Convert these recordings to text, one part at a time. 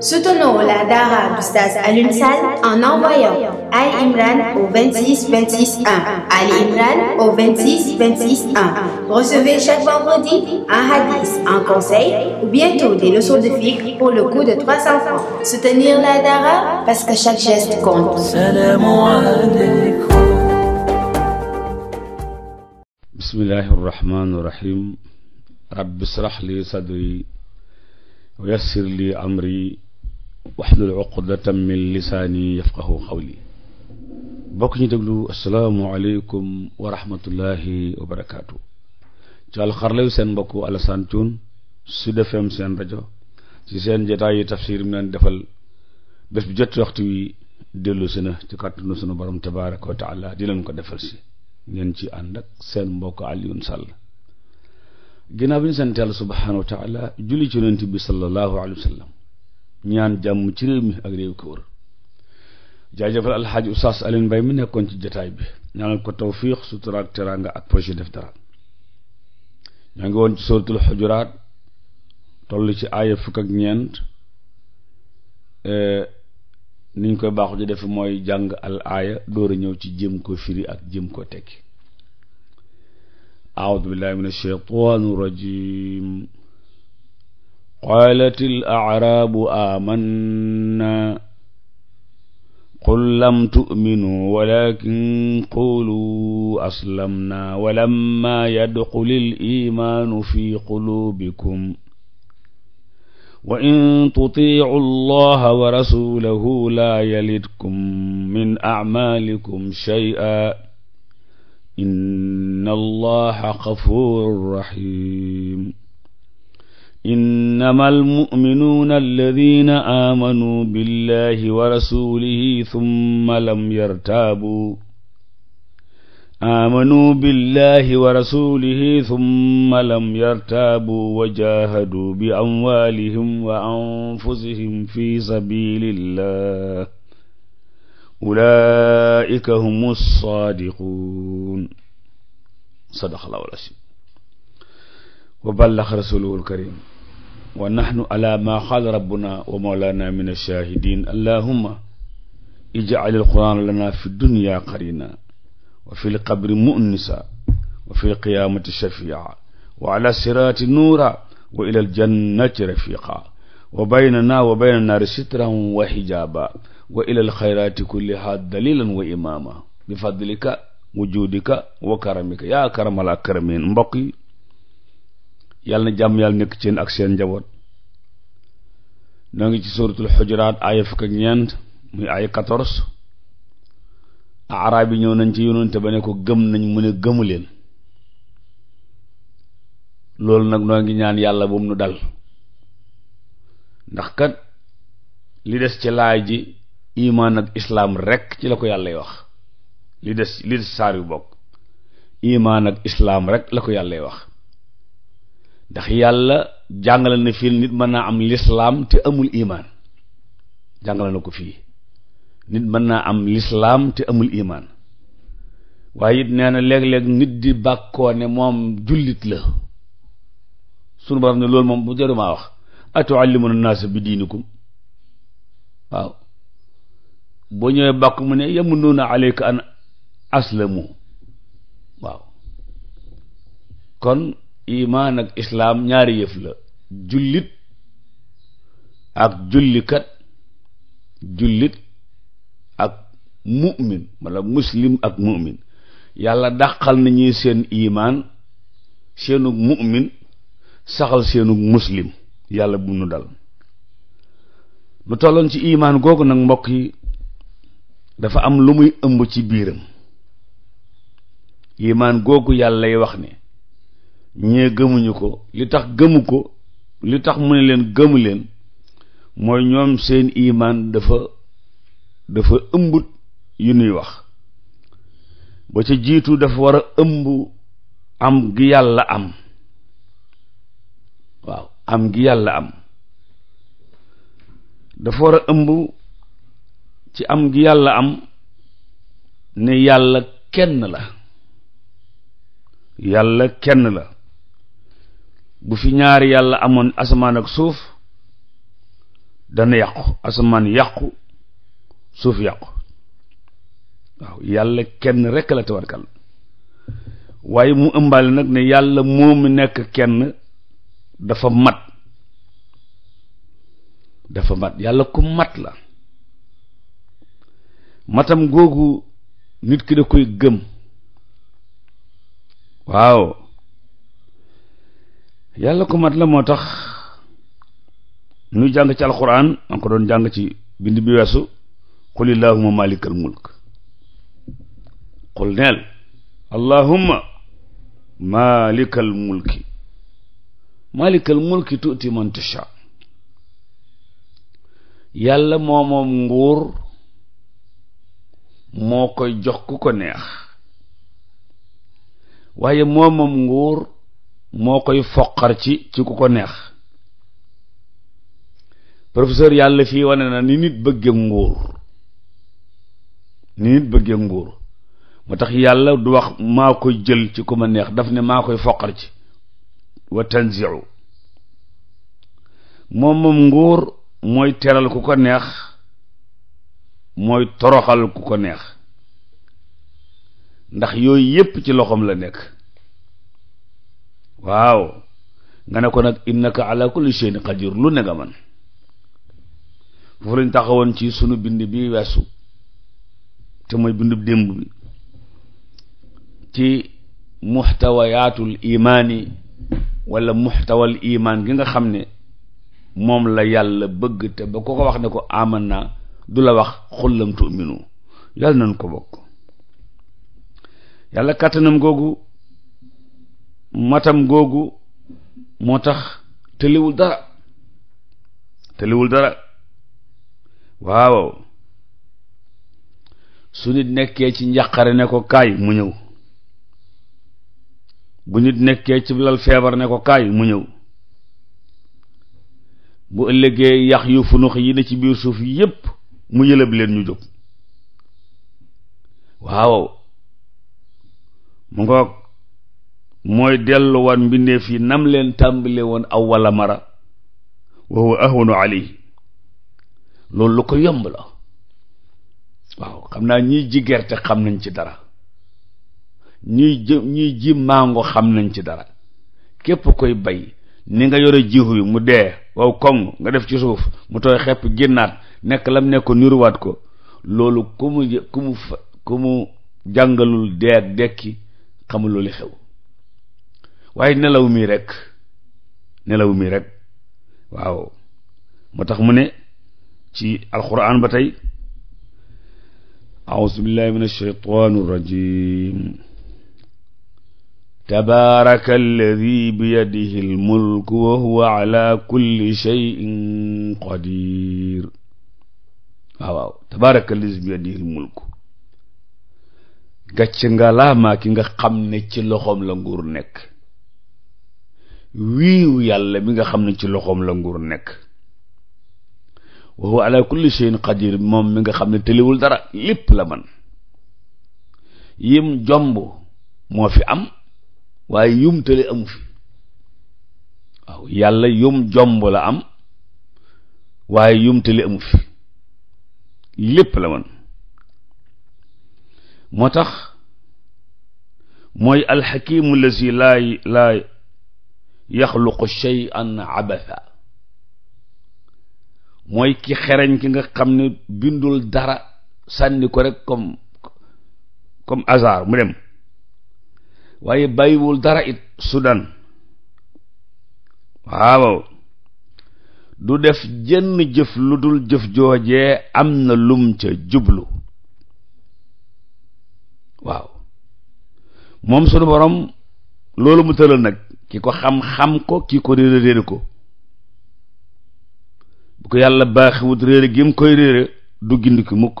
Soutenons la Dara d'Oustaz Alioune Sall en envoyant Ali Imran au 26 Recevez chaque vendredi un hadith, un conseil ou bientôt des leçons de fiqh pour le coût de 300 francs. Soutenir la Dara parce que chaque geste compte. Bismillahir Rahmanir Rahim. Rabbi israh li sadri wa yassir li amri waxlul uqdatan min lisaani yafqahu qawli bokk ñu déglu asalaamualeykum wa rahmatullahi wa barakaatu ci alxarleyu seen mbokku Alassane Thioune Sud FM seen rajo ci seen jotaay yi tafsir mi leen defal bés bu jot waxtu wi dellu si na ci kàttanu sunu borom tabaraka wa taala di leen ko defal si ngeen ci ànd ak seen mbokk Alioune Sall ginnaaw bi ñu sant yàlla subhanahu wa taala julli ci yonent bi sallallahu alayhi wa ñaan jàmm ci réew mi ak réew ko wër jaajëfal alxaaji Oustaz Alioune mi nekkoon ci jataay bi ñaanal ko tawfiix sutura ak ak projet def dara ñoo ngi woon ci suratul xujuraat toll ci aaya fukk ak ñeent e, niñ koy baaxu di def mooy jàng al aaya door a ñëw ci jëm ko firi ak jëm ko tekki aoudu billahi min alsheitan qaalat al acraabu aamanna qul lam tu'minuu walakin quluu aslamnaa walammaa yadxuli al-iimaanu fii quluubikum wa in tutiicuu llaaha wa rasuulahu laa yalidkum min acmaalikum shay'an inna llaaha gafuurun rahiim إنما المؤمنون الذين آمنوا بالله ورسوله ثم لم يرتابوا آمنوا بالله ورسوله ثم لم يرتابوا وجاهدوا بأموالهم وأنفسهم في سبيل الله أولئك هم الصادقون صدق الله العظيم وبلغ رسوله الكريم wa nahnu ala ma qaala rabbuna wa mawlana min ash-shaahidin allahumma ij'al al-qur'ana lana fi dunya qarina wa fi al-qabri mu'nisa wa fi al-qiyamati shafi'a wa ala sirati nuura wa ila al-jannati rafiqa wa baynana wa bayna naari sitran wa hijaaba wa ila al-khayrati kulliha dalilan wa imaama bi fadlika wujudika wa karamika yaa karamal akramin mbokk yi yàlla na jàmm yàlla nekk ci ak seen njaboot noo ngi ci suuratul xujuraat aaya fukk ak ñeent muy aaya quatorze araab yi ñëw nañ ci yonente ba ne ko gëm nañ mu ne gëmu leen loolu nag noo ngi ñaan yàlla bu mu nu dal ndax kat li des ci laay ji imaan ak islaam rekk ci la ko yàllay wax li des li des saar yu bokk imaan ak islaam rekk la ko yàllay wax ndax yàlla jàngale na fii nit mën naa am lislaam te amul imaan jàngale na ko fii nit mën naa am lislaam te amul imaan waaye it nee na léeg nit di bàkkoo ne moom jullit la sunu borom ne loolu moom bu jarumaa wax atuallimuna naasa bi diinikum waaw boo ñëwee bàkk mu ne yamunuuna aleyka an aslamu waaw kon imaan ak islaam ñaari yëf la jullit ak jullikat jullit ak mu'min wala muslim ak mu'min yàlla dàqal nañuy seen imaan seenug mu'min saxal seenug muslim yàlla bu nu dal mu tolloon ci imaan googu nag mbokk yi dafa am lu muy ëmb ci biiram imaan googu yàlla wax ne ñee gëmuñu ko li tax gëmu ko li tax mu ne leen gëmu leen mooy ñoom seen imaan dafa dafa ëmbut yu nuy wax ba ca jiitu dafa war a ëmb am gi yàlla am waaw am gi yàlla am dafa war a ëmb ci am gi yàlla am ne yàlla kenn la yàlla kenn la bu fi ñaari yàlla amoon asamaan ak suuf dana yàqu asamaan yàqu suuf yàqu waaw yàlla kenn rekk la tabarkal waaye mu ëmbaale nag ne yàlla moomu nekk kenn dafa mat dafa mat yàlla ku mat la matam googu nit ki da koy gëm waaw yàlla ko mat la moo tax ñu jàng ci alxuraan an ko doon jàng ci bind bi weesu qul illahuma malikal mulk qul neel allahumma malikal mulki malikal mulki man tasha yàlla moo moom nguur moo koy jox ku ko neex waaye moo moom nguur moo koy foqar ci ci ku ko neex professeur yàlla fii wane na ni nit bëgge nguur ni nit moo tax yàlla du wax maa koy jël ci ku ma neex daf ne maa koy foqar ci wa tanziu moom moom nguur mooy teral ku ko neex mooy toroxal ku ko neex ndax yooyu yépp ci loxoom la nekk waaw nga ne ko nag innaka ala kulli shay'in qadir lu ne nga man foofu lañ taxawoon ci sunu bind bi weesu te mooy bindub démb bi ci muxtawayaatul imaani wala muxtawal imaan gi nga xam ne moom la yàlla bëgg te ba ko ko wax ne ko aman naa du la wax xullam tu'minu yàlla nañ ko bokk yàlla kàttanam googu matam googu moo tax tëliwul dara tëliwul dara waaw su nit nekkee ci njàqare ne ko kaay mu ñëw bu nit nekkee ci lal feebar ne ko kaay mu ñëw bu ëllëgee yax yu funux yi ne ci biir suuf yépp mu yëlëb leen ñu jóg waaw mu ngoog mooy delluwaat mbindeef yi nam leen tàmbale woon awwala mara wa huwa ahwanu alayhi loolu lu ko yomb la waaw xam naa ñiy ji gerte xam nañ ci dara ñiy ji ñiy ji mango xam nañ ci dara képp koy bay ni nga yore jiw yi mu dee waaw koŋ nga def ci suuf mu tooy xepp génnaat nekk lam nekk ko niruwaat ko loolu ku mu ku mu fa ku mu jàngalul dee ak dekki xamuloo li xew waaye nelaw mi rek nelaw mi rek waaw moo tax mu ne ci alquran ba tey auzu billahi min alshaytani arrajim tabaraka alladi biyadihi almulku wa huwa ala kulli sheyin qadir waaw waaw tabaraka alladi biyadihi almulku laa maa ki nga xam ne ci loxoom la nguur nekk wiiw yàlla mi nga xam ne ci loxoom la nguur nekk wa huwa ala kulli shay'in qadir moom mi nga xam ne tëliwul dara lépp la man yim jomb moo fi am waaye yum tëli amu fi waaw yàlla yum jomb la am waaye yum tëli amu fi lépp la man moo tax mooy alxakimu lazi laa laa yaxluqu shay'an abatha mooy ki xereñ ki nga xam ne bindul dara sànni ko rek comme comme hasard mu dem waaye bàyyiwul dara it sudan waaw du def jenn jëf lu dul jëf joojee am na lum ca jublu waaw moom sunu borom loolu mu tëral nag ki ko xam-xam ko ki ko réere réere ko bu ko yàlla baaxiwut réere gi mu koy réere du gind ki mukk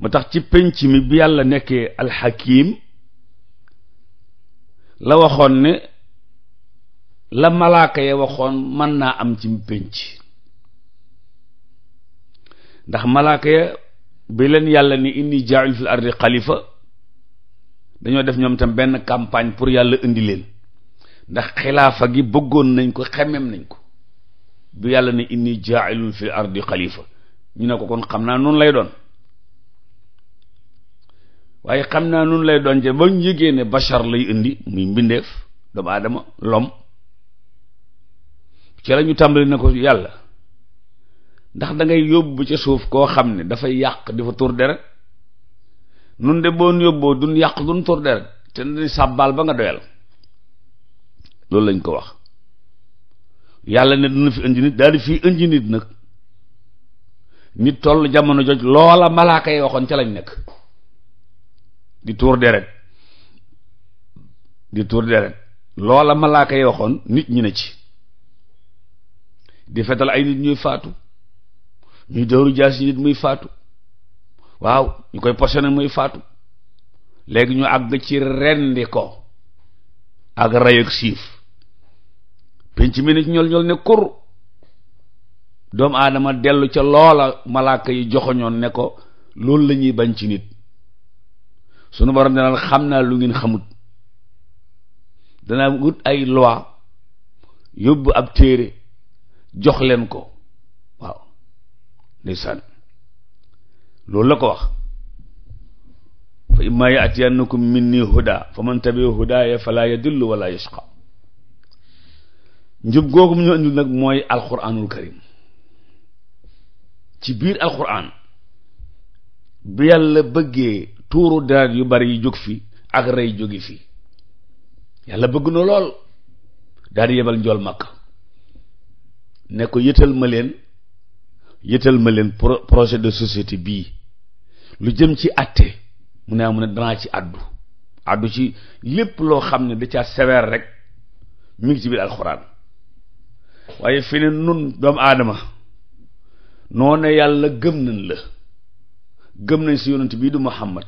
ma tax ci penc mi bi yàlla nekkee alxakim la waxoon ne la malaaka ya waxoon mën naa am ci pénc ndax malaaka ya bi leen yàlla ni indi jaa'il fil ardi xalifa dañoo def ñoom itam benn campagne pour yàlla indi leen ndax xilaafa gi bëggoon nañ ko xemem nañ ko bu yàlla ne inni jaailun fi ardi xalifa ñu ne ko kon xam naa noonu lay doon waaye xam naa noonu lay doon ca ba ñu yëgee ne bachar lay indi muy mbindeef doomu aadama lom ca lañu ñu tàmbali na ko yàlla ndax da ngay yóbbu ca suuf koo xam ne dafay yàq di fa tuur deret nun de boon yóbboo duñ yàq duñ tur de rek te ni sàbbaal ba nga doyal loolu lañ ko wax yàlla ne dina fi indi nit daal di fi indi nit nag nit toll jamono joj loola malaaka yi waxoon ca lañ nekk di tuur deret di tuur deret loola malaaka yi waxoon nit ñi ne ci di fetal ay nit ñuy faatu ñuy dóoru jaas yi nit muy faatu waaw ñu koy poisonné muy faatu léegi ñu àgg ci rendi ko ak ray ak siif penc mi nit ñool ñool ne kur doomu aadama dellu ca loola malaaka yi joxoñoon ne ko loolu la ñuy bañ ci nit sunu borom danaan xam naa lu ngeen xamut danaa wut ay loi yóbbu ak téere jox leen ko waaw ndeysaan loolu la ko wax fa imma yatiyannakum minni huda fa man tabi hudaaya fala yadillu wala yashqa njub googu mu ñu indil nag mooy alquranul karim ci biir alquran bi yàlla bëggee tuuru deret yu bari yi jóg fi ak rey jógi fi yàlla bëgg na lool daal di yebal njool makk ne ko yëtal ma leen yëtal ma leen projet de société bii lu jëm ci àtte mu ne ah, mu ne danaa ci àddu àddu ci lépp loo xam ne da caa sévère rek mu ngi ci biir alxuraan waaye fi ne nun doomu aadama noo yàlla gëm nañ la gëm nañ si yonent bii du Muhammad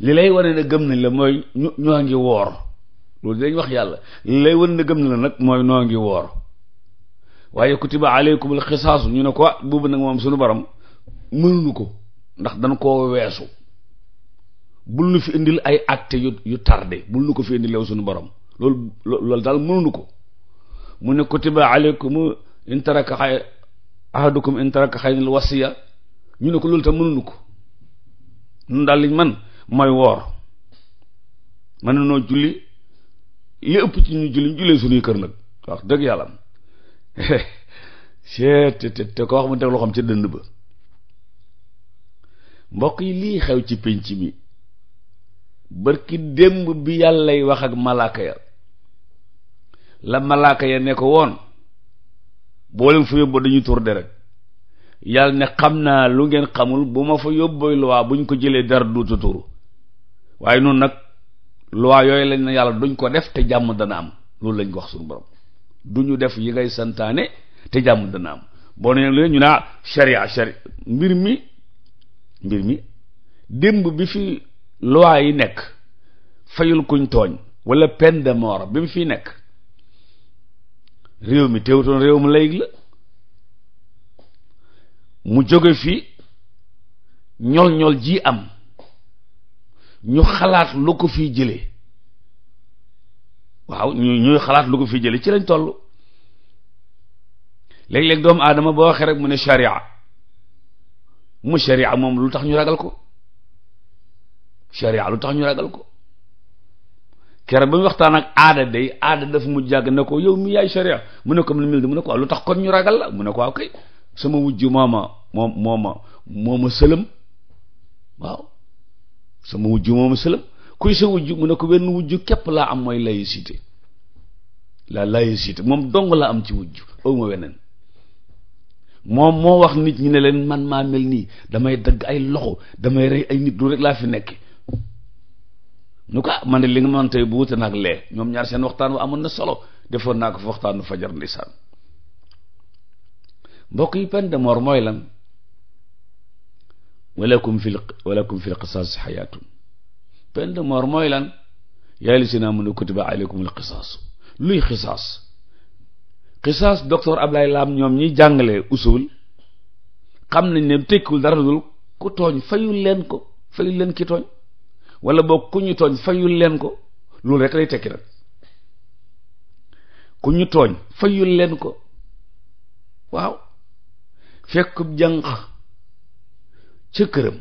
li lay wane ne gëm nañ la mooy ñu ñoo ngi woor loolu dañ wax yàlla li lay wane ne gëm nañ la nag mooy noo ngi woor waaye kutiba aleykumul xisaasu ñu ne ko ah, boobu nag moom sunu borom mënuñu ko ndax dañ koo weesu bul nu fi indil ay acte yu yu tardé bul nu ko fi indil yow suñu borom loolu loolu daal mënuñu ko mu ne kutiba aleykum in taraka xay ahadukum in taraka xaynil wasiya ñu ne ko loolu tam mënuñu ko ñun daal liñ man mooy woor mën noo julli li ëpp ci ñu julli ñu jullee suñuy kër nag wax dëgg yàlla am te te te ko wax mu teg loo xam ci dënd ba mbokk yi lii xew ci pénc mi bërki démb bi yàllay wax ak malaaka ya la malaaka ya ne ko woon boo leen fa yóbboo dañuy tur deret yàlla ne xam naa lu ngeen xamul bu ma fa yóbbooy luwaa buñ ko jëlee dara duutu turu waaye noonu nag luwaa yooyu lañ na yàlla duñ ko def te jàmm dana am loolu lañ ko wax suñu borom du def yi ngay santaane te jàmm dana am boo nee leen ñu naa ah, sharia sharia mbir mi mbir mi démb bi fi loi yi nekk fayul kuñ tooñ wala peine de mort bi mu fiy nekk réew mi teewutoon réew mu layig la mu jóge fi ñol ñol ji am ñu xalaat lu ko fiy jëlee waaw ñu ñuy xalaat lu ko fiy jëlee ci lañ toll léeg-léeg doomu aadama boo waxee mu ne charia mu sharia moom lu tax ñu ragal ko sharia lu tax ñu ragal ko kere ba mu waxtaan ak aada day aada dafa mu jàgg na ko yow mi yaay sharia mu ne ko mu ne ko lu tax kon ñu ragal la mu ne ko waaw kay sama wujju moom mooma mooma sëlëm waaw sama wujju mooma sëlëm kuy sa wujju mu ko wenn wujju képp laa am mooy laïcité la laïcité moom dong la am ci wujju ma weneen moom moo wax nit ñi ne leen man maa mel nii damay dagg ay loxo damay rey ay nit du rek laa fi nekk nu ko man de li nga man tey bu wute naag lee ñoom ñaar seen waxtaan wa amoon na solo defoon naa ko fa waxtaanu fajar ndeysaan mbokk yi peine de mort mooy lan walakum fil walakum fil qisaas xayaatun peine de mort mooy lan yaa li si naa mën a kutiba alaykum al qisaas luy qisaas xisaas docteur Ablaye Lam ñoom ñiy jàngale usul xam nañ ne tekkiwul dara dul ku tooñ fayul leen ko fayul leen ki tooñ wala boog ku ñu tooñ fayul leen ko loolu rek lay tekki nag ku ñu tooñ fayul leen ko waaw fekkub jànq ca këram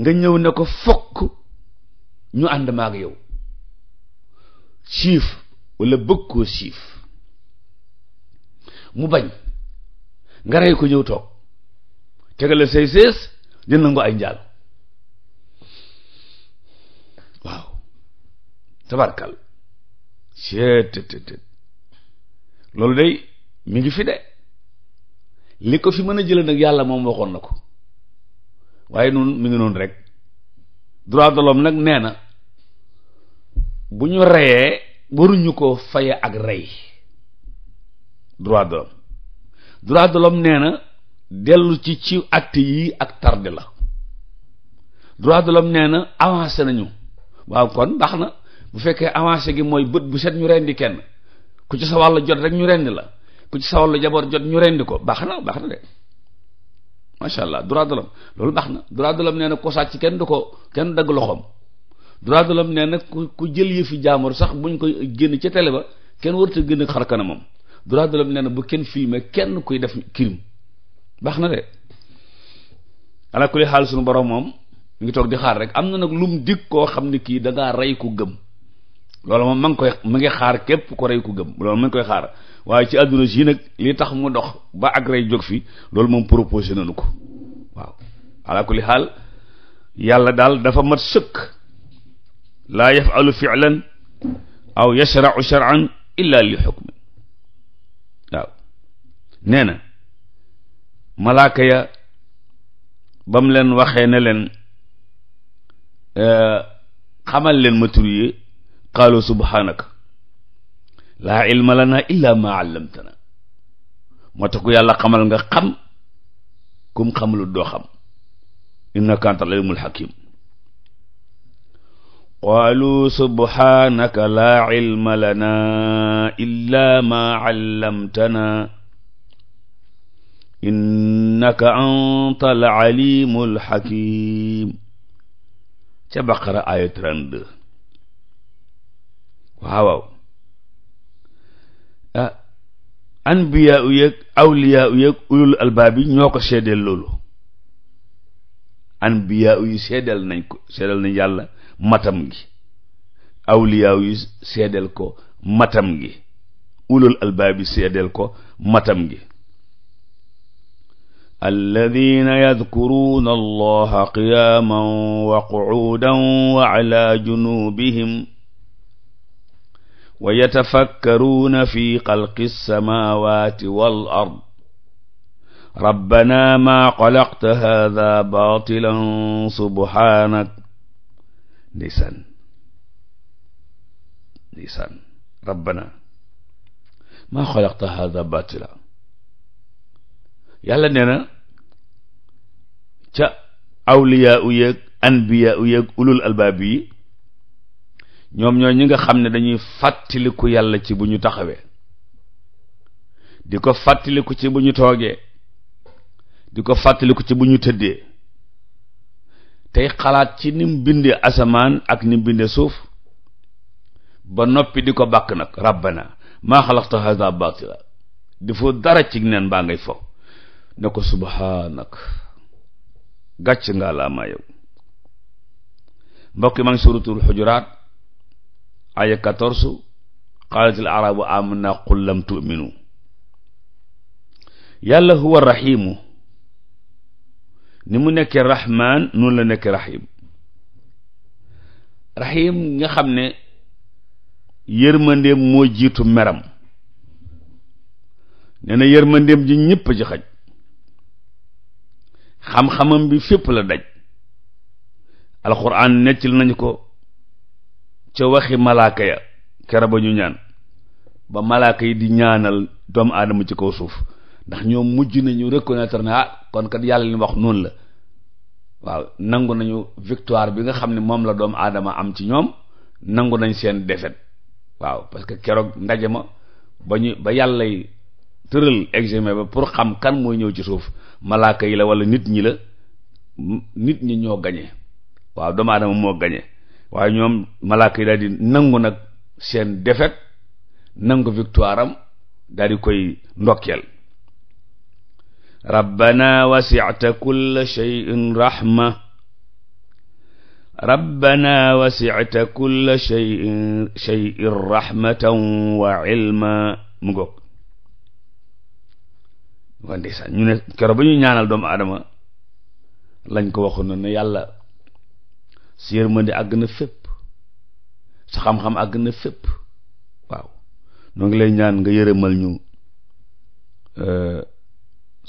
nga ñëw ne ko fokk ñu ànd maag yow siif wala bëgg koo siif mu bañ nga rey ko ñëw toog tegale say sées di ko ay njaal waaw tabarkal seet loolu day mi ngi fi de li ko fi mën a jëlee nag yàlla moom waxoon na ko waaye noonu mi ngi noonu rek droit de nag nee na bu ñu reyee waruñu ko faye ak rey droit de l'homme nee na dellu ci ci acte yii ak tardé la droit de l'homme nee na avancé nañu waaw kon baax na bu fekkee avancé gi mooy bët bu set ñu rendi kenn ku ci sa wàll jot rek ñu rendi la ku ci sa wàll jaboor jot ñu rendi ko baax na baax na de macha allah droit de l'homme loolu baax na droit de l'homme nee na ko sàcc kenn du ko kenn dagg loxoom droit de l'homme nee na ku ku jël yëfi jaamur sax bu buñ ko génn ca télé ba kenn warut a génn xar kanamam du de l'homme nee na bu kenn ma kenn kuy def crime baax na de ala kulli xaal suñu borom moom mu ngi toog di xaar rek am na nag lum dig koo xam ne kii da ngaa rey ku gëm loolu moom ma ngi koy mu ngi xaar képp ko rey ku gëm loolu ma ngi koy xaar waaye ci àdduna si nag li tax mu dox ba ak rey jóg loolu moom proposé nañu ko waaw ala kulli xaal yàlla daal dafa mat sëkk laa yafalu filan aw yashrau sharan illa li xukmi nee na malaaka ya ba mu leen waxee ne leen euh, xamal leen ma tur yi qaalu subhaanaka laa ilma lana illa ma allamtana moo tax ku yàlla xamal nga xam kum xamalut doo xam innaka anta alimul hakim qaalu subhaanaka laa ilma lana illa ma allamtana innaka anta la alimul hakim ca baqara aya 32 waaw waaw ah anbiyaa u yeeg awliyaa ñoo ko seedeel loolu anbiyaa yi seedeel nañ ko seedeel nañ yàlla matam gi awliyaa yi seedeel ko matam gi ulul albaab yi ko matam gi الذين يذكرون الله قياما وقعودا وعلى جنوبهم ويتفكرون في خلق السماوات والأرض ربنا ما خلقت هذا باطلا سبحانك ndeysaan ndeysaan rabbana maa xalaqta hada batila yàlla nee na ca awliyaa u yëg anbiyaa u yëg ulul albaab yi ñoom ñoo ñi nga xam ne dañuy fàttaliku yàlla ci bu ñu taxawee di ko fàttaliku ci bu ñu toogee di ko fàttaliku ci bu ñu tëddee tey xalaat ci ni mu bindee asamaan ak ni bindee suuf ba noppi di ko bàkk nag rabbana maa xalaqta haza batila dafa dara ci neen baa ngay fo ne ko subhanak gàcc nga laa ma yow mbokk yi maa ngi suuratul xujuraat aya quatorze qaalatil arabu lam tuminu yàlla huwa rahimu ni mu nekkee rahman noonu la nekkee rahim rahim nga xam ne yërmandeem moo jiitu meram nee na yërmandeem ji ñëpp ci xaj xam-xamam bi fépp la daj alxuraan nettali nañu ko ca waxi malaaka ya kera ba ñu ñaan ba malaaka yi di ñaanal doomu aadama ci kaw suuf ndax ñoom mujj nañu reconnaître na ah kon kat yàlla li wax noonu la waaw nangu nañu victoire bi nga xam ne moom la doomu aadama am ci ñoom nangu nañ seen défaite waaw parce keroog ndaje ma ba ñu ba yàlla yi tëral examen ba pour xam kan mooy ñëw ci suuf malaaka yi la wala nit ñi la nit ñi ñoo gañe waaw doomu aadama moo gañe waaye ñoom malaaka yi di nangu nag seen défaite nangu victoire am daal di koy ndokkeel rabbana wasi'ta kulla shay'in rahma rabbana wa ilma mu ngoog ko ndeysaan ñu ne keroog ba ñuy ñaanal doomu aadama lañ ko waxu na yàlla si yërmande àgg na fépp sa xam-xam àgg na fépp waaw ñoo ngi lay ñaan nga yërëmal ñu euh,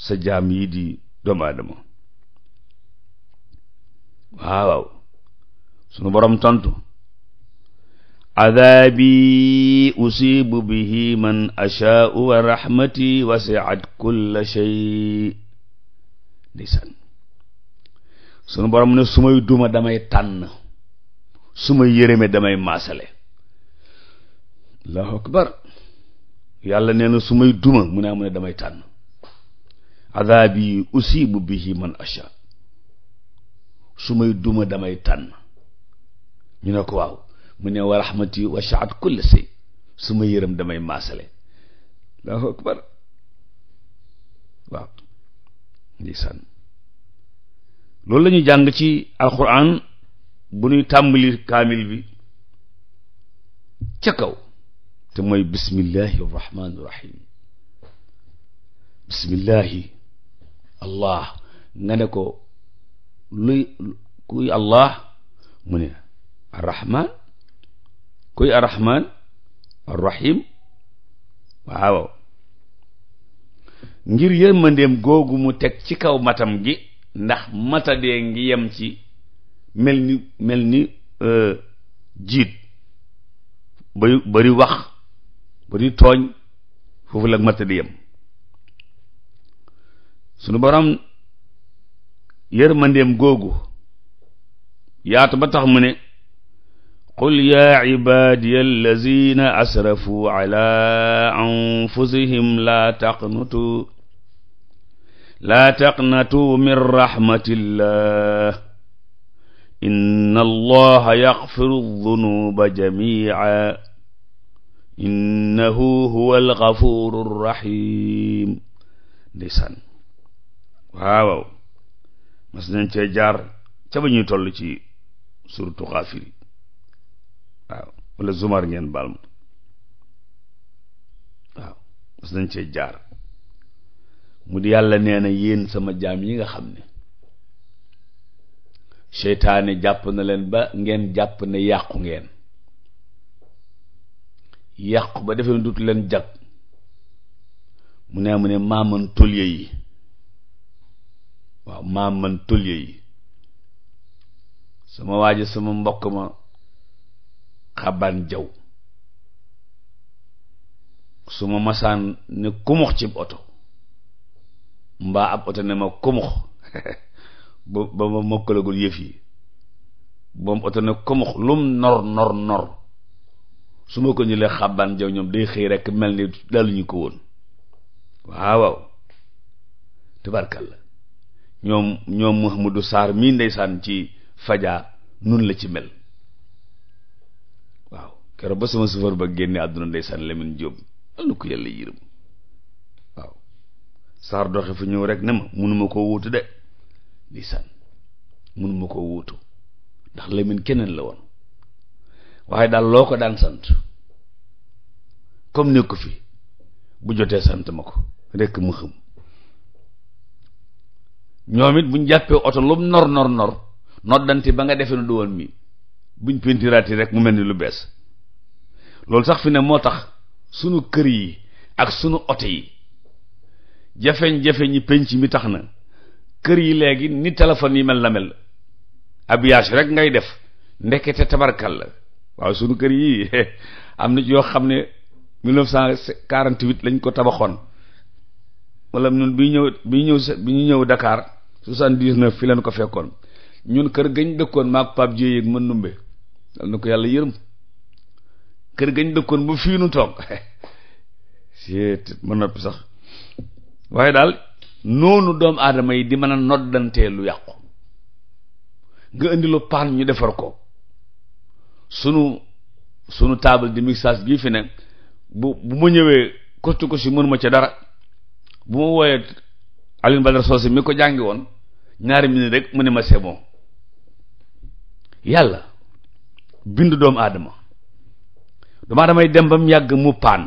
sa jaam yi di doomu aadama waaw sunu borom tontu adaabi usibu bihi man ashaau wa rahmati wasiat kulla shay ndeysaan sunu mu ne sumay may duma damay tànn su may yërëme damay maasale allahu akbar yàlla nee na sumay may duma mu ne amu ne damay tànn adaabi usibu bihi man ashaa sumay may duma damay tànn ñu ne ko waaw mu ne wa rahmati wasi'at kulla shay su ma yërëm damay maasale allahu akbar waaw ndeysaan loolu la jàng ci alquran bu ñuy tàmbali kaamil bi ca kaw te mooy bismillahi arrahmani irrahim bismillahi allah nga ne ko luy kuy allah mu ne arrahman kuy arrahman arrahim waaw ngir yërmandeem googu mu teg ci kaw matam gi ndax matadee ngi yem ci mel ni mel ni euh, jiit bari bari wax bari tooñ foofu la matadi yem sunu borom yërmandeem googu yaatu ba tax mu ne qul yaa cibaadiya allaziina asrafuu calaa anfusihim laa taqnatuu laa taqnatuu min raxmatillah inna allaha yaxfiru dunuuba jamiica innahu huwa algafuuru raxiim ndeysaan waaw mas nañ cee jaar ca ba ñuy toll ci suratu Gaafir wala zumar ngeen baal ma waaw mas nañ cee jaar mu di yàlla nee na yéen sama jaam yi nga xam ne seytaane jàpp na leen ba ngeen jàpp ne yàqu ngeen yàqu ba defe ne dutu leen jag mu ne mu ne maaman tolye yi waaw maaman tolye yi sama waa ji sama mbokk ma xaban jaw su ma masaan ne kumux ci oto mbaa ab oto ne ma kumux ba ba ma mokkalagul yëf yi boom oto ne kumux lum nor nor nor su ma ko ñu lee xaban jaw ñoom day xëy rekk mel ni dalu ñu ko woon waaw waaw tabarkalla ñoom ñoom Mouhamadou Sarr mii ndeysaan ci faja nun la ci mel keroog ba sama sufar ba génne àdduna san lemin Diop al na ko yàlla yërëm waaw saar doxe fu ñëw rek ne ma munuma koo wuutu de ndeysaan munuma koo wuutu ndax Lamine keneen la woon waaye daal loo ko daan sant comme ko fi bu jotee sant ma ko rekk mu xam ñoom it buñ jàppee oto lum nor nor nor noddante ba nga defee ne du woon mi buñ yi rek mu mel ni lu bees loolu sax fi ne moo tax sunu kër yi ak sunu oto yi jafeñ-jafe ñi penc mi tax na kër yi léegi ni téléphone yi mel la mel habillage rek ngay def ndekke ndekete tabarkal la waaw sunu kër yi am na ci yoo xam ne 1948 lañ ko tabaxoon wala ñun bi ñëw bi ñëw bi ñu ñëw Dakar 79 fi leen ko fekkoon ñun kër gañ dëkkoon maak Pape Dieye ak mën numbe dal na ko yàlla yërëm kër gañ dëkkoon ba fii nu toog seet ma noppi sax waaye daal noonu doomu aadama yi di mën a noddantee lu yàqu nga indi lu paan ñu defar ko sunu sunu taabal de mixage bii fi ne bu bu ma ñëwee kostu ko si mënuma ca dara bu ma wooyee Alioune Badara Socé mi ko jàngi woon ñaari minute rek mu ne ma c'est bon yàlla bind doomu aadama damaa damay dem ba mu yàgg mu paan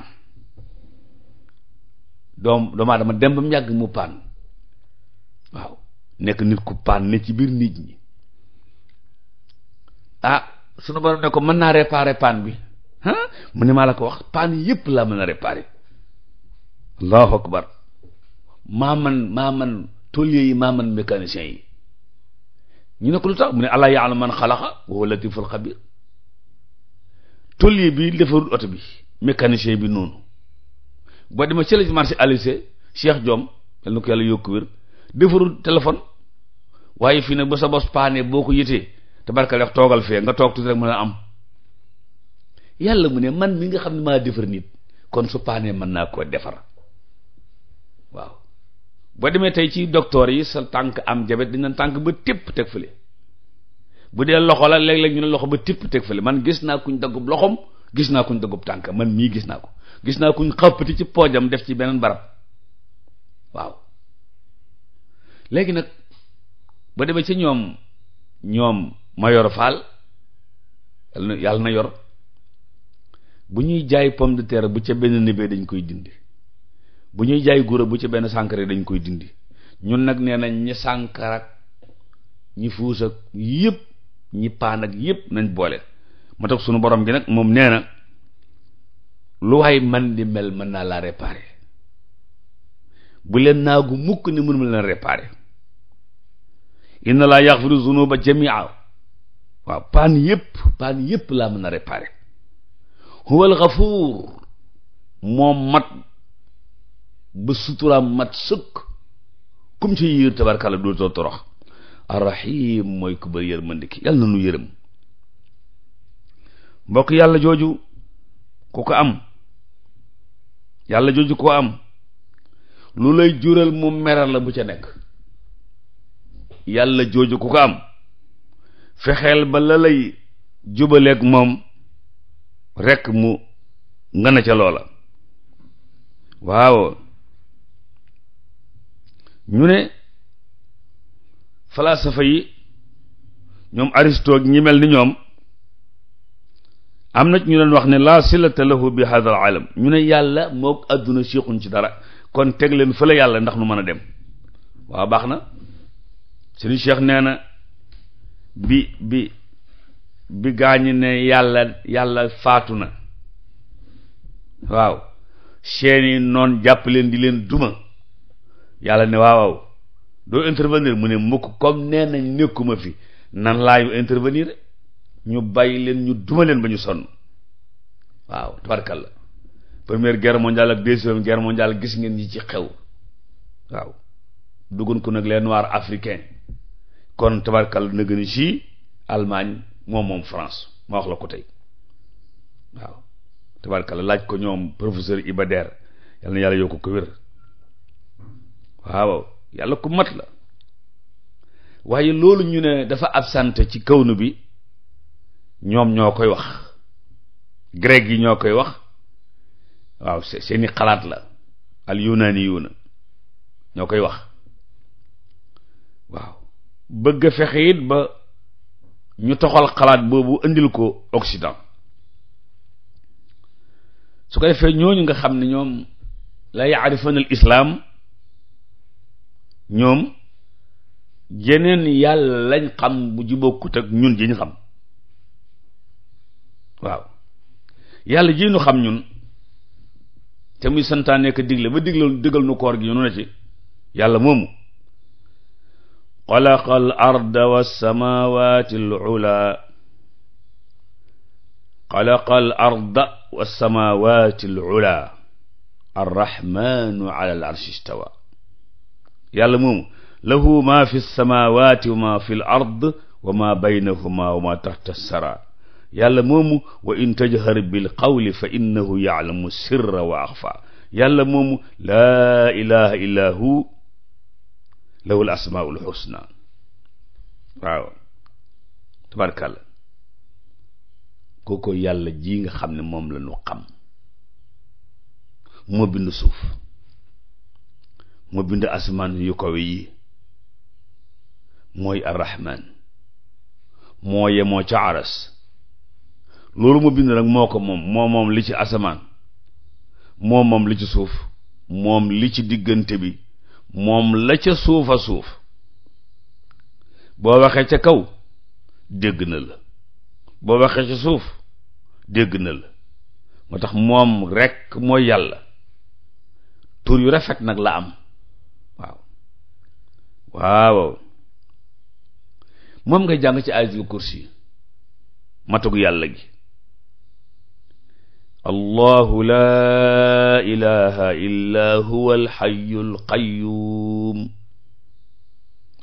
doom damaa dama dem ba mu yàgg mu paan waaw nekk nit ku paan ne ci biir nit ñi ah sunu borom ne ko mën naa réparer paan bi mu ne maa la ko wax paan yëpp laa mën a réparer allahu akbar maa man maa man tôlier yi maa man mécanicien yi ñu ne ko lu tax mu ne allah ya'lamu man xalaqa wa latiful xabir tôlier bi defarul oto bi mécanicien bi noonu boo demee ci la marché Alizé Cheikh Diom yal na ko yàlla yokku wér defarul téléphone waaye fii nag ba sa bos paane boo ko yëtee tabarka def toogal fee nga toog tuuti rek mën a am yàlla mu ne man mi nga xam ne maa defar nit kon su paanee mën naa koo defar waaw boo demee tey ci docteur yi sa tànk am jabet dañ naan tànk ba tépp teg fële bu dee loxo la léeg-léeg ñu ne loxo ba tipp teg fële man gis naa kuñ daggub loxom gis naa kuñ daggub tànk man mii gis naa ko gis naa ko kuñ xàppati ci poojam def ci benn barab waaw léegi nag ba demee ci ñoom ñoom ma yor faal yàlla na yàlla na yor bu ñuy jaay pomme de terre bu ca benn nébee dañ koy dindi bu ñuy jaay guro bu ci benn sànkare dañ koy dindi ñun nag nee nañ ñi sànkar ak ñi fuus ak yëpp ñi paan ak yépp nañ boole ma tax sunu borom gi nag moom nee na lu waay man di mel mën naa laa réparé bu leen naagu mukk ni mënuma leen réparé inna laa yaxfiru zunuba jamia waaw paan yépp paan yépp laa mën a réparé huwal xafuur moom mat ba suturaam mat sëkk kum ci yiir tabarkàlla dootoo torox arrahim mooy ku bëri yërmande ki yàlla na nu yërëm mbokk yàlla jooju ku ko am yàlla jooju ko am lu lay jural mu meral la bu ca nekk yàlla jooju ku ko am fexeel ba la lay jubaleeg moom rekk mu nga na ca loola waaw ñu ne falaasafa yi ñoom aristoog ñi mel ni ñoom am na ñu doon wax ne laa silata lahu bi hadha al ñu ne yàlla mook àdduna séexuñ ci dara kon teg leen fële yàlla ndax nu mën a dem waaw baax na suñu cheikh nee na bi bi bi gaañu ne yàlla yàlla faatu na waaw seeni noon jàpp leen di leen duma yàlla ne waaw doo intervenir mu ne mukk comme nee nañ nekkuma fi nan laayu intervenir ñu bàyyi leen ñu duma leen ba ñu sonn waaw la première guerre mondiale ak deuxième guerre gis ngeen ñi ci xew waaw duggun ko nag leen noirs africain kon tabarkalla na gën a ci Allemagne moom moom France ma wax la ko tey waaw tabarkalla laaj ko ñoom professeur Iba Der yal na yàlla yokk ko wér waaw yàlla ku mat la waaye loolu ñu ne dafa absente ci kawnu bi ñoom ñoo koy wax grec yi ñoo koy wax waaw seeni xalaat la al yunaani yuna ñoo koy wax waaw bëgg fexe it ba ñu toxal xalaat boobu indil ko Occident su ko defee ñooñu nga xam ne ñoom la yaarifuna al islaam ñoom jeneen yàlla lañ xam bu jubokkut ak ñun ji ñu xam waaw yàlla ji ñu xam ñun te muy santaane ko digle ba digle digal nu koor gi ñu ci yàlla moomu xalaqa al arda wassamawati al ula xalaqa al arda wassamawati al ula arrahmanu yàlla moomu lahu ma fi samawati wa ma fi l ard wa ma baynahuma wa ma taxta sara yàlla moomu wa in tajhar bil qawli fa innahu yaalamu sirra wa axfa yàlla moomu laa ilaha illa hu lahu l asmaul xusna waaw tabarkàlla kooku yàlla ji nga xam ne moom la ñu xam moo bindu suuf moo bind asmaan yu kawe yi mooy arrahman moo yemoo ca aras loolu mu bind nag moo ko moom moo moom li ci asamaan moo moom li ci suuf moom li ci diggante bi moom la ca suufa suuf boo waxee ca kaw dégg na la boo waxee ca suuf dégg na la moo tax moom rekk mooy yàlla tur yu rafet nag la am waaw moom ngay jàng ci ayatul kursi matug yàlla gi allahu laa ilaha illa huwa alxayu alqayuum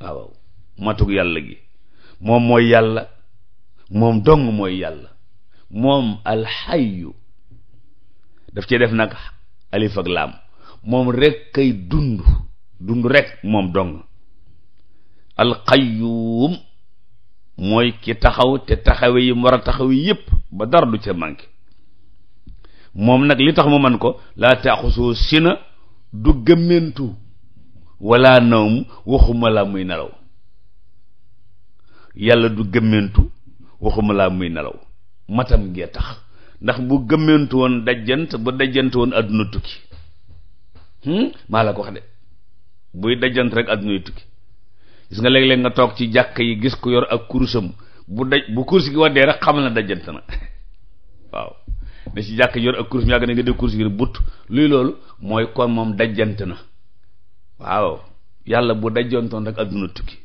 waaw matug yàlla gi moom mooy yàlla moom dong mooy yàlla moom alxayu daf cee def nag alif ak laam moom rek kay dund dund rek moom dong alqayyuum mooy ki taxaw te taxawe yi war a taxaw yépp ba dara du ca manqué moom nag li tax mu man ko laa si na du gëmmentu walla nawm waxuma laa muy nelaw yàlla du gëmmentu waxuma laa muy nelaw matam ngee tax ndax bu gëmmentu woon dajjant bu dajjant woon àdduna tukki hmm? maa la ko wax buy dajjant rek àdduna tukki gis nga léeg-léeg nga toog ci jàkk yi gis ko yor ak kurusam bu daj bu kurus gi waddee rek xamal na dajant na waaw ne ci jàkk yor ak kurus mu yàgg na nga dee kurus gi but luy loolu mooy kon moom dajant na waaw yàlla bu dajantoon rek adduna tukki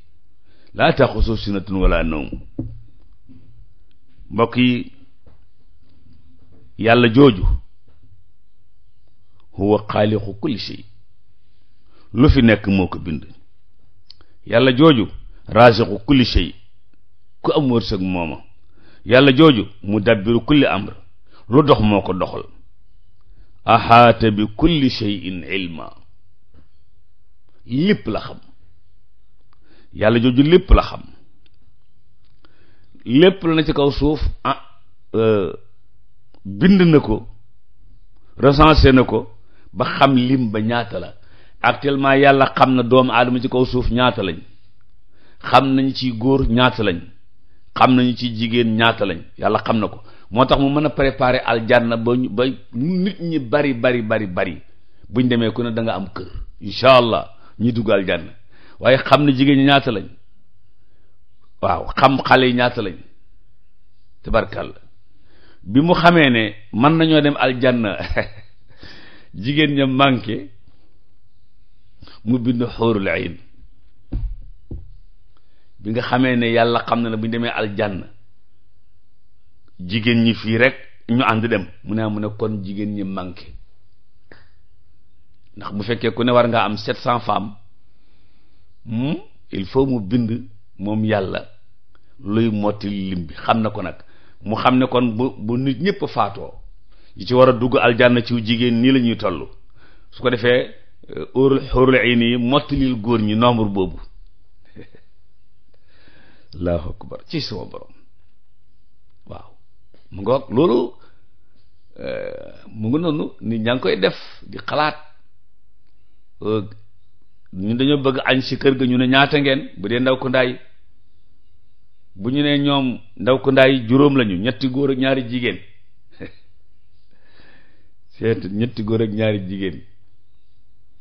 laa taxusu sinatun wala nawm mbokk yi yàlla jooju huwa xaaliqu kulli shay lu fi nekk moo ko bind yàlla jooju raziqu kulli shay ku am wërsëg mooma yàlla jooju mu dabbiru kulli amr lu dox moo ko doxal ahaata bi kulli shay'in ilma lépp la xam yàlla jooju lépp la xam lépp la na ci kaw suuf ah euh, bind na ko recensé na ko ba xam lim ba ñaata la actuellement yàlla xam na doomu aadama ci kaw suuf ñaata lañ xam nañu ci góor ñaata lañ xam nañu ci jigéen ñaata lañ yàlla xam na ko moo tax mu mën a préparer aljanna ba ñu ba nit ñi bari bari bari bari buñ demee ko ne danga am kër incha allah ñuy dugg aljanna waaye xam na jigéen ñi ñaata lañ waaw xam xale yi ñaata lañ tabarkàlla bi mu xamee ne mën nañoo dem aljanna jigéen ña manqué mu bind xóorul ayn bi nga xamee ne yàlla xam na ne bu ñu demee aljanna jigéen ñi fii rek ñu ànd dem mu ne ah, mu ne kon jigéen ñi manqué ndax bu fekkee ku ne war ngaa am sept cent femmes hmm? il faut mu bind moom yàlla luy motti lim bi xam na ko nag mu xam ne kon bu bu nit ñëpp faatoo yi ci war a dugg aljanna ci jigéen nii lañuy ñuy toll su ko defee urul xurul ini mottalil góor ñi nombre boobu allahu akbar ci sama borom waaw mu nga wax loolu mu ngi noonu nit ñaa ngi koy def di xalaat ñu dañoo bëgg añ si kër ga ñu ne ñaata ngeen bu dee ndaw ndaay bu ñu nee ñoom ndawku ko ndaay juróom lañu ñetti góor ak ñaari jigéen seet ñetti góor ak ñaari jigéen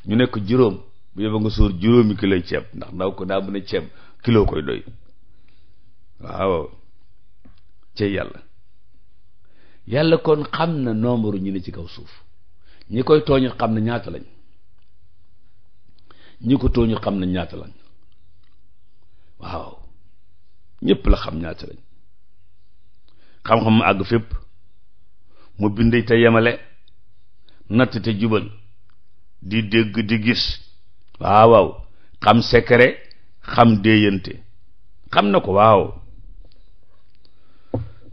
ñu nekk juróom bu yóbbu nga suur juróomi kilo ceeb ndax ndaw ko daa mën a ceeb kilo koy doy waaw ci yàlla yàlla kon xam na nombre ñu ne ci kaw suuf ñi koy tooñu xam na ñaata lañ ñi ko tooñu xam na ñaata lañ waaw ñëpp la xam ñaata lañ xam-xam mu àgg fépp mu bind te yemale natt te jubal di dégg di gis waaw waaw xam secret xam déeyante xam na ko waaw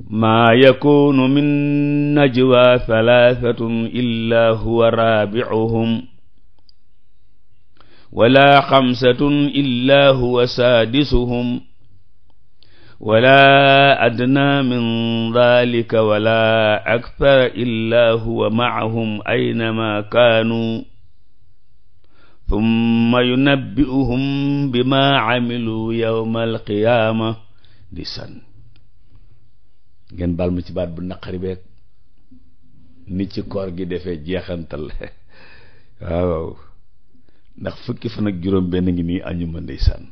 maa yakunu min najwa thalathatun illa huwa raabicuhum wala xamsatun illa huwa saadisuhum wala adna min dalika wala akthara illa huwa macahum aynama kaanu thumma yunabbi'uhum bima amilu yawmal qiyaama di san ngeen baal ma ci baat bu naqari beeg ni ci koor gi defee jeexantal waaw ndax fukki fan ak juróom benn ngi nii añu ma ndeysaan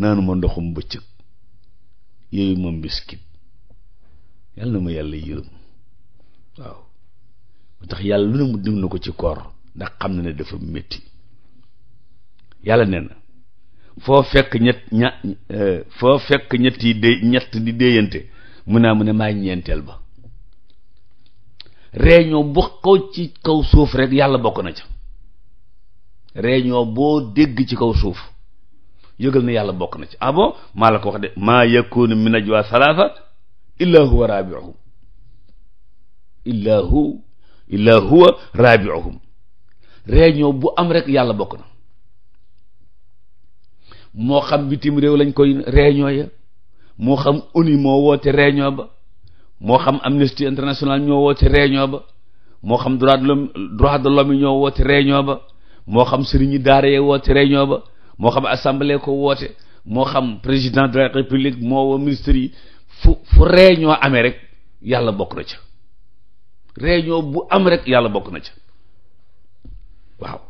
naanu ma ndoxum bëccëg yooyu mbiskit yàlla na ma yàlla yërëm waaw mu tax yàlla lu ne mu dim na ko ci koor ndax xam na ne dafa métti yàlla nee foo fekk ñett ña euh, foo fekk di déeyante mun naa ah, mu ne maay ñeenteel ba réunion bu xaw ci kaw suuf rek yàlla bokk na ca réunion boo dégg ci kaw suuf yëgal na yàlla bokk na ci ah bon maa la ko wax de maa yakunu min najwa salaasa illa huwa raabiuhum illa hu illa huwa raabiuhum réunion bu am rek yàlla bokk na moo xam bitim réew lañ koy réunion ya moo xam ONU moo woote réunion ba moo xam Amnesty International ñoo woote réunion ba moo xam droit de l'homme ñoo woote réunion ba moo xam sëriñi daara yee woote réunion ba moo xam assemblée ko woote moo xam président de la république moo ministre yi fu fu réunion amee rek yàlla bokk na ca réunion bu am rek yàlla bokk na ca waaw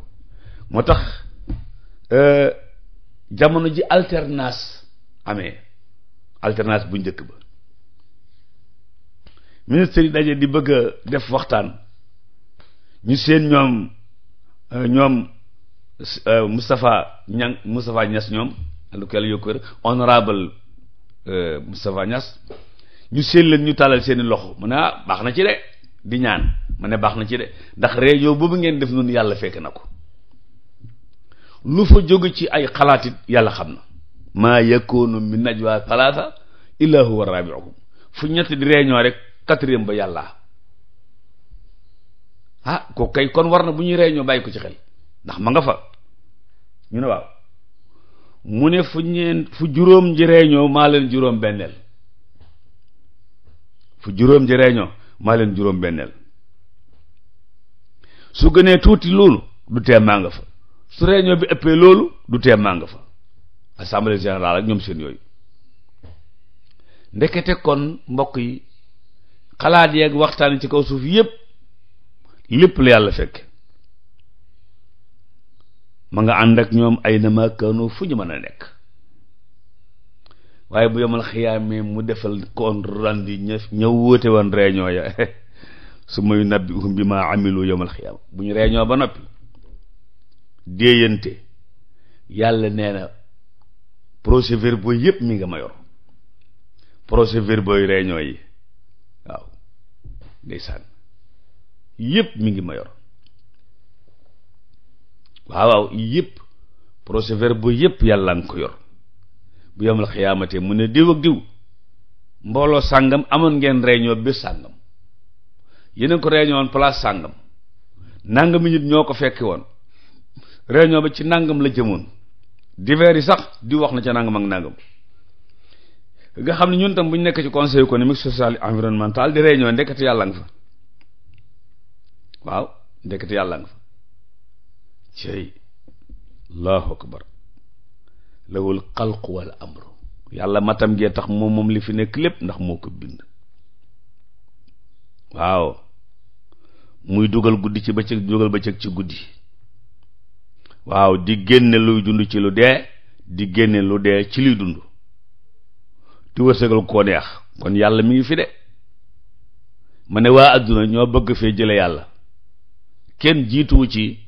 moo tax euh, jamono ji alternance amee alternance bu njëkk ba ministre daje di bëgg a def waxtaan ñu seen ñoom euh, ñoom euh, Moustapha Niang Moustapha Niass ñoom lu ko yàlla yokk rek honorable Moustapha Niass ñu seen leen ñu tàllal seeni loxo mu ne ah baax na ci de di ñaan ma ne baax na ci de ndax réunion boobu ngeen def noonu yàlla fekk na ko lu fa jóge ci ay xalaatit yàlla xam na maa yakunu min najwa talaata illa huwa rabiuhum fu ñett di réunion rek quatrième ba yàlla ah ko kon war na bu ñuy réunion bàyyi ko ci xel ndax ma nga fa ñu ne waaw mu ne fu ñeen fu juróom ji réunion maa leen juróom benneel fu juróom ji réunion maa leen juróom-benneel su gënee tuuti loolu du tee maa nga fa su réunion bi ëppee loolu du tee maa nga fa assemblée générale ak ñoom seen yooyu ndekete kon mbokk yi xalaat yeeg waxtaan yi ci kaw suuf yépp lépp la yàlla fekk ma nga ànd ak ñoom ay na fu ñu mën a nekk waaye bu yomal xiyaamee mu defal kon rendi ña ña wóote woon réunion ya su may nabbi uhum bi maa amilu yomal xiyaama bu ñu réunion ba noppi déeyante yàlla nee na procès verbaux yëpp mi nga ma yor procès verbaux yi yi waaw ndeysaan yëpp mi ngi ma yor waaw waaw yëpp procès verbaux yëpp yàlla nga ko yor bu yomal xiyaamate mu ne diw ak diw mbooloo sàngam amoon ngeen réunion bés sàngam yeneen ko réunion woon place sàngam nangami nit ñoo ko fekki woon réunion ba ci nangam la jëmoon divers yi sax di wax na ca nangam ak nangam nga xam ne ñun tam bu ñu nekk ci conseil économique social et environnemental di réunion ndekete yàlla nga fa waaw ndekete yàlla nga fa cey allahu akbar lawul xalqu wal amru yàlla matam gee tax moom moom li fi nekk lépp ndax moo ko bind waaw muy dugal guddi ci bëccëg dugal bëccëg ci guddi waaw di génne luy dund ci lu dee di génne lu dee ci luy dund di wërsëgal koo neex kon yàlla mi ngi fi de ma ne waa adduna ñoo bëgg fee jële yàlla kenn jiituwu ci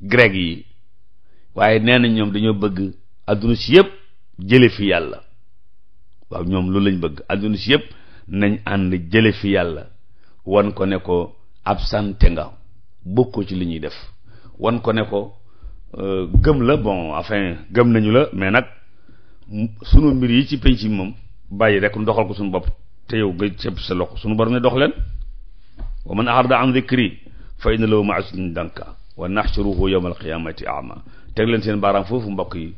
grec yi waaye nee na ñoom dañoo bëgg adduna si yëpp jële fi yàlla waaw ñoom loolu lañ bëgg adduna si yëpp nañ ànd jële fi yàlla wan ko ne ko absente nga ko ci li ñuy def wan ko ne ko euh, gëm la bon enfin gëm nañu la mais nag sunu mbir yi ci penc moom bàyyi rek doxal ko suñu bopp te yow nga cëpp sa loxo suñu borom ne dox leen wa man arda an dhikri fa inna lahu ma'isatan danka wa nahshuruhu yawma alqiyamati a'ma teg leen seen baaraam foofu mbokk yi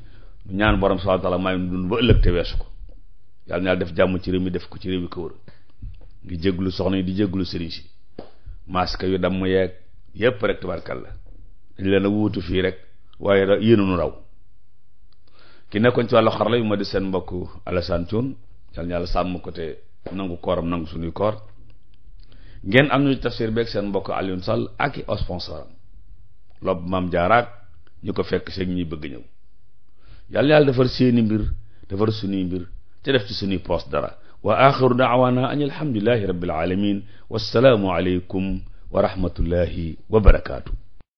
ñaan borom subhaanahu wa taala may dund ba ëllëg te weesu ko yàlla na def jàmm ci réew mi def ko ci réew mi ko wër di jéglu soxna yi di jéglu sëriñ si masque yu damm yeeg yépp rek tubaarkàlla dañ leen a wuutu fii rek waaye yéen nu raw ki nekkoon ci wàllu xarala yu ma di seen mbokk Alassane Thioune yàlla na sàmm ko te nangu kooram nangu suñuy koor ngeen am ñu tafsir beeg seen mbokk Alioune ak i sponsor lob maam jaaraak ñu ko fekk seeg ñi bëgg yàlla yàlla defar seeni mbir defar suñuy mbir te def ci suñuy poos dara wa axiru daawaana an alhamdulillahi rabbil alamin wassalaamu aleykum wa rahmatullahi wa barakaatu